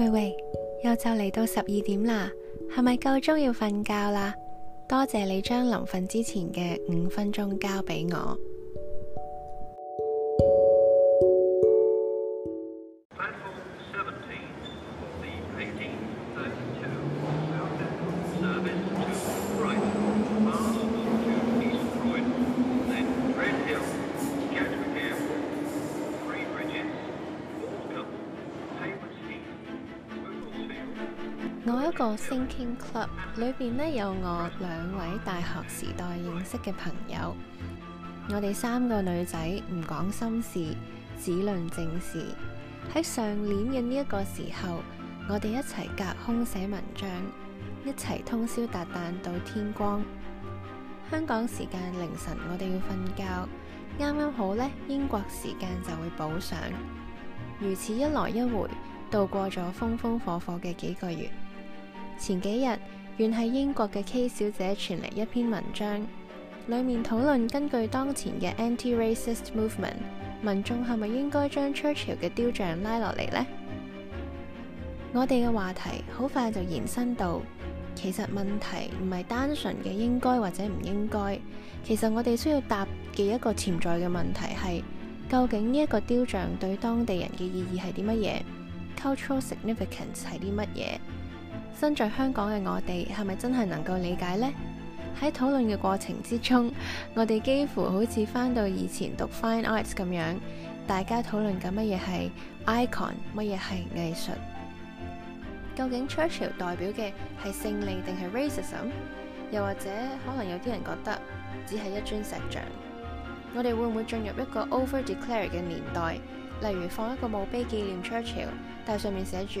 喂喂，又就嚟到十二點啦，係咪夠鐘要瞓覺啦？多謝你將臨瞓之前嘅五分鐘交俾我。我一個 thinking club 裏邊呢，有我兩位大學時代認識嘅朋友。我哋三個女仔唔講心事，只論正事。喺上年嘅呢一個時候，我哋一齊隔空寫文章，一齊通宵達旦到天光。香港時間凌晨，我哋要瞓覺，啱啱好呢，英國時間就會補上。如此一來一回，度過咗風風火火嘅幾個月。前幾日，原係英國嘅 K 小姐傳嚟一篇文章，裏面討論根據當前嘅 anti-racist movement，民眾係咪應該將 Churchill 嘅雕像拉落嚟呢？我哋嘅話題好快就延伸到，其實問題唔係單純嘅應該或者唔應該，其實我哋需要答嘅一個潛在嘅問題係，究竟呢一個雕像對當地人嘅意義係啲乜嘢？cultural significance 係啲乜嘢？身在香港嘅我哋係咪真係能夠理解呢？喺討論嘅過程之中，我哋幾乎好似翻到以前讀 Fine Arts 咁樣，大家討論緊乜嘢係 icon，乜嘢係藝術？究竟 Churchill 代表嘅係勝利定係 racism？又或者可能有啲人覺得只係一尊石像？我哋會唔會進入一個 over declare 嘅年代？例如放一個墓碑紀念 Churchill，但上面寫住。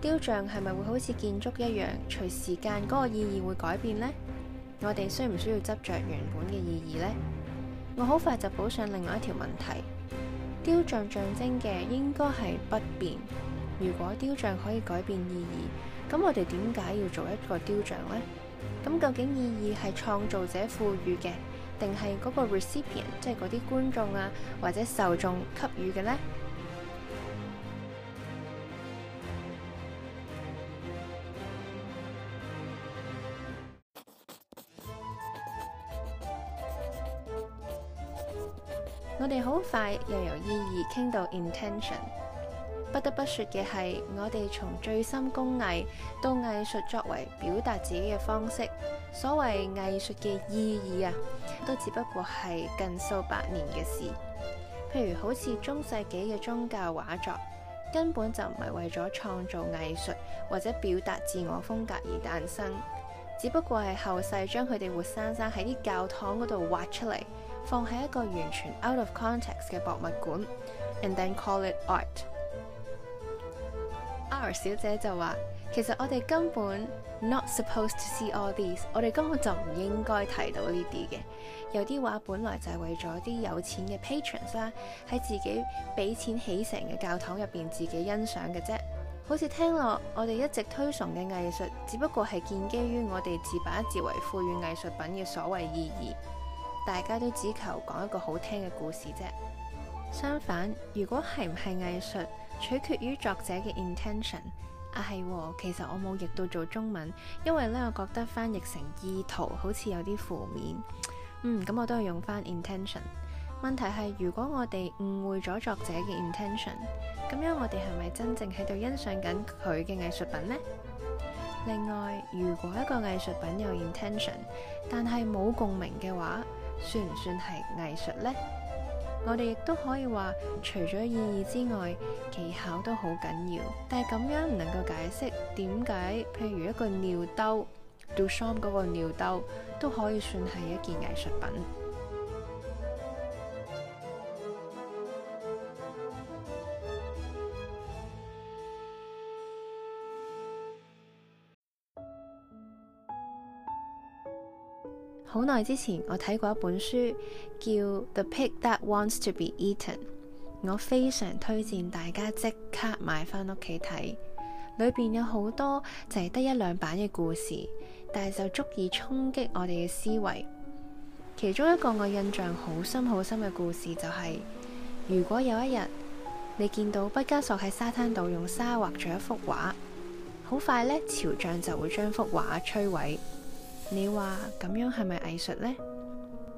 雕像係咪會好似建築一樣，隨時間嗰個意義會改變呢？我哋需唔需要執着原本嘅意義呢？我好快就補上另外一條問題，雕像象徵嘅應該係不變。如果雕像可以改變意義，咁我哋點解要做一個雕像呢？咁究竟意義係創造者賦予嘅，定係嗰個 recipient，即係嗰啲觀眾啊或者受眾給予嘅呢？我哋好快又由意義傾到 intention，不得不說嘅係，我哋從最深工藝到藝術作為表達自己嘅方式，所謂藝術嘅意義啊，都只不過係近數百年嘅事。譬如好似中世紀嘅宗教畫作，根本就唔係為咗創造藝術或者表達自我風格而誕生，只不過係後世將佢哋活生生喺啲教堂嗰度畫出嚟。放喺一個完全 out of context 嘅博物館，and then call it art。R 小姐就話：其實我哋根本 not supposed to see all these，我哋根本就唔應該提到呢啲嘅。有啲畫本來就係為咗啲有錢嘅 patrons 啦，喺自己俾錢起成嘅教堂入邊自己欣賞嘅啫。好似聽落，我哋一直推崇嘅藝術，只不過係建基於我哋自把自為賦予藝術品嘅所謂意義。大家都只求講一個好聽嘅故事啫。相反，如果係唔係藝術，取決於作者嘅 intention 啊，係喎，其實我冇譯到做中文，因為呢，我覺得翻譯成意圖好似有啲負面。嗯，咁我都係用翻 intention。問題係，如果我哋誤會咗作者嘅 intention，咁樣我哋係咪真正喺度欣賞緊佢嘅藝術品呢？另外，如果一個藝術品有 intention，但係冇共鳴嘅話，算唔算係藝術呢？我哋亦都可以話，除咗意義之外，技巧都好緊要。但係咁樣唔能夠解釋點解，譬如一個尿兜，Duchamp 嗰個尿兜，都可以算係一件藝術品。好耐之前我睇過一本書叫《The Pig That Wants to Be Eaten》，我非常推薦大家即刻買返屋企睇。裏邊有好多就係、是、得一兩版嘅故事，但係就足以衝擊我哋嘅思維。其中一個我印象好深好深嘅故事就係、是，如果有一日你見到畢加索喺沙灘度用沙畫咗一幅畫，好快呢，潮漲就會將幅畫摧毀。你話咁樣係咪藝術呢？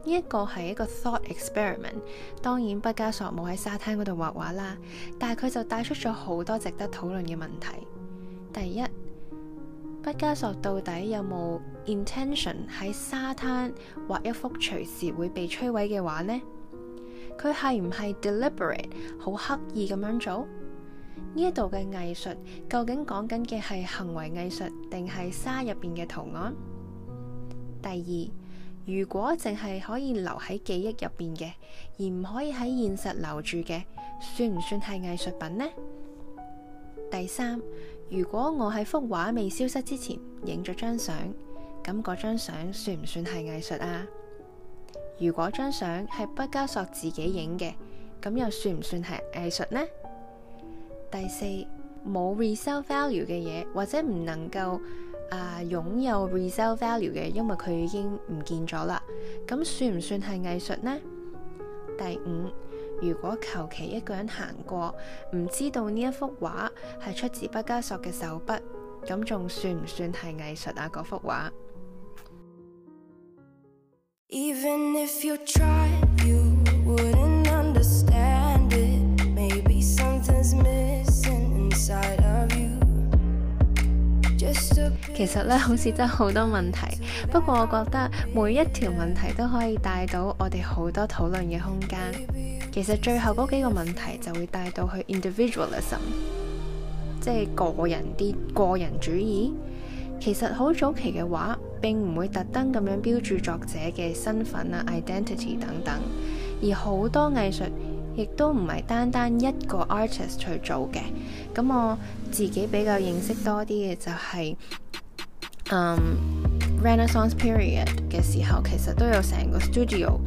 呢一個係一個 thought experiment，當然畢加索冇喺沙灘嗰度畫畫啦，但係佢就帶出咗好多值得討論嘅問題。第一，畢加索到底有冇 intention 喺沙灘畫一幅隨時會被摧毀嘅畫呢？佢係唔係 deliberate 好刻意咁樣做？呢一度嘅藝術究竟講緊嘅係行為藝術定係沙入邊嘅圖案？第二，如果淨係可以留喺記憶入邊嘅，而唔可以喺現實留住嘅，算唔算係藝術品呢？第三，如果我喺幅畫未消失之前影咗張相，咁嗰張相算唔算係藝術啊？如果張相係畢加索自己影嘅，咁又算唔算係藝術呢？第四，冇 resale value 嘅嘢或者唔能夠。啊，擁有 resale value 嘅，因為佢已經唔見咗啦。咁算唔算係藝術呢？第五，如果求其一個人行過，唔知道呢一幅畫係出自畢加索嘅手筆，咁仲算唔算係藝術啊？嗰幅畫。Even if you try, you 其實咧，好似真係好多問題。不過我覺得每一條問題都可以帶到我哋好多討論嘅空間。其實最後嗰幾個問題就會帶到去 individualism，即係個人啲個人主義。其實好早期嘅話，並唔會特登咁樣標註作者嘅身份啊、identity 等等，而好多藝術。亦都唔係單單一個 artist 去做嘅。咁我自己比較認識多啲嘅就係，嗯，Renaissance period 嘅時候，其實都有成個 studio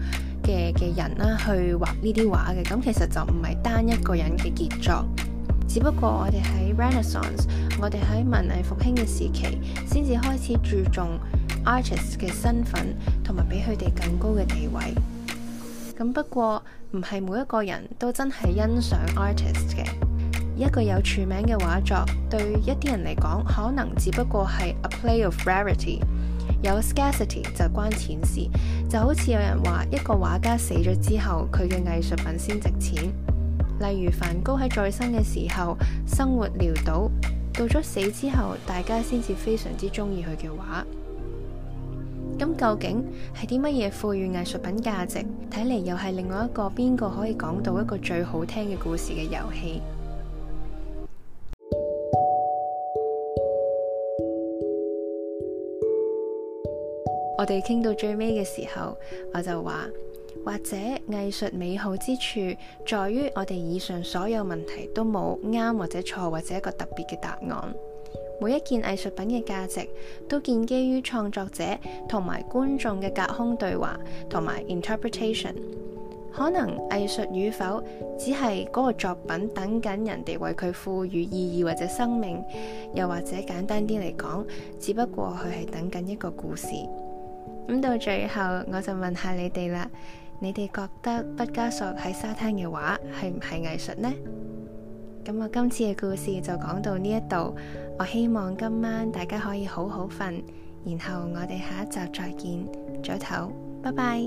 嘅嘅人啦，去畫呢啲畫嘅。咁其實就唔係單一個人嘅傑作，只不過我哋喺 Renaissance，我哋喺文藝復興嘅時期，先至開始注重 artist 嘅身份同埋畀佢哋更高嘅地位。咁不過唔係每一個人都真係欣賞 artist 嘅。一個有署名嘅畫作，對一啲人嚟講，可能只不過係 a play of rarity，有 scarcity 就關錢事。就好似有人話，一個畫家死咗之後，佢嘅藝術品先值錢。例如梵高喺再生嘅時候，生活潦倒，到咗死之後，大家先至非常之中意佢嘅畫。咁究竟係啲乜嘢賦予藝術品價值？睇嚟又係另外一個邊個可以講到一個最好聽嘅故事嘅遊戲。 我哋傾到最尾嘅時候，我就話，或者藝術美好之處，在於我哋以上所有問題都冇啱或者錯或者一個特別嘅答案。每一件藝術品嘅價值都建基於創作者同埋觀眾嘅隔空對話同埋 interpretation。可能藝術與否，只係嗰個作品等緊人哋為佢賦予意義或者生命，又或者簡單啲嚟講，只不過佢係等緊一個故事。咁到最後，我就問下你哋啦，你哋覺得畢加索喺沙灘嘅畫係唔係藝術呢？咁我今次嘅故事就講到呢一度，我希望今晚大家可以好好瞓，然後我哋下一集再見，早唞，拜拜。